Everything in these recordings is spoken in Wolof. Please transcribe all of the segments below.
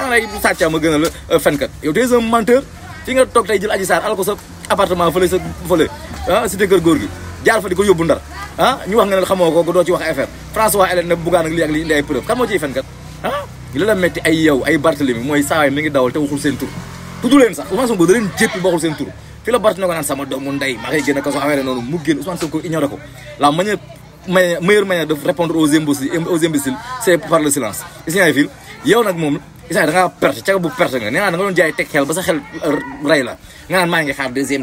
ah nag sàcca ma gën a la euh, fenkat yow tey un menteur fi nga toog tey jël Adji Sarr al sa appartement fële sa fële ah, góor gi jaar fa di ko yóbbu ndar ah, ñu wax nga xamoo ko doo ci wax affaire François Hélène ne buggaan ak ay preuve kan moo ciy fenkat ah, metti ay yow ay Barthélemy mooy saawaay mi ngi dawal te waxul seen tur tudd leen sax Ousmane Sonko da leen jéppi ba waxul seen tur fi la ko naan sama doomu ndey mu génn Ousmane Sonko ignoré ko la manière meilleure manière de isa nga perche ca bu perche nga neena nga don jaay tek xel ba sa xel er, ray la nga nan ma ngi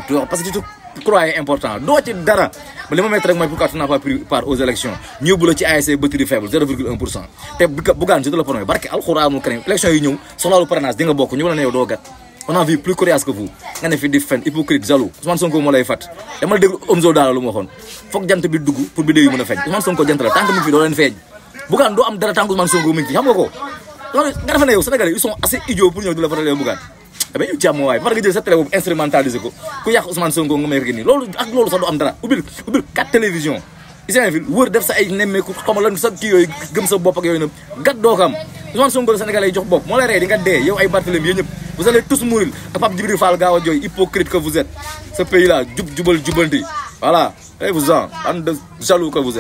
dua. Pas itu parce que important do ci dara ba lima mettre rek moy pourquoi tu n'as pas pris part aux élections ñew bu la ci ASC batterie faible 0,1% té bu gaan ci la promet kura mau karim Election ini ñew soxlalu parrainage di nga bokk ñu la ne yow do gat on a vu plus coriace que vous nga ne defend di fen hypocrite jaloux Ousmane Sonko mo lay fat dama deg omzo dala lu mo xon fokk jant bi dugg pour bi deeyu mëna feñ Ousmane Sonko jant la tank mu fi am dara tank Ousmane Sonko mi ci xam loolu nga defe ne yow Sénégalais ils sont ñëw di la voté leen Bougane mais eh ñu jàmm waaye war nga jël sa télé boobu instrumentaliser ko ku yàq Ousmane Sonko nga may rek nii loolu ak loolu sax du am dara ubbil ubbil quatre télévision iseen fi wër def sa ay nemmeeku xamal lan sa kii yooyu gëm sa bopp ak yooyu nag gat doo ko am Sonko Sénégalais yi jox bopp moo lay rey di nga dee yow ay Barthélemy yéen ñëpp vous allez tous mourir ak Pape Djibril Fall gaaw a jooy hypocrite que vous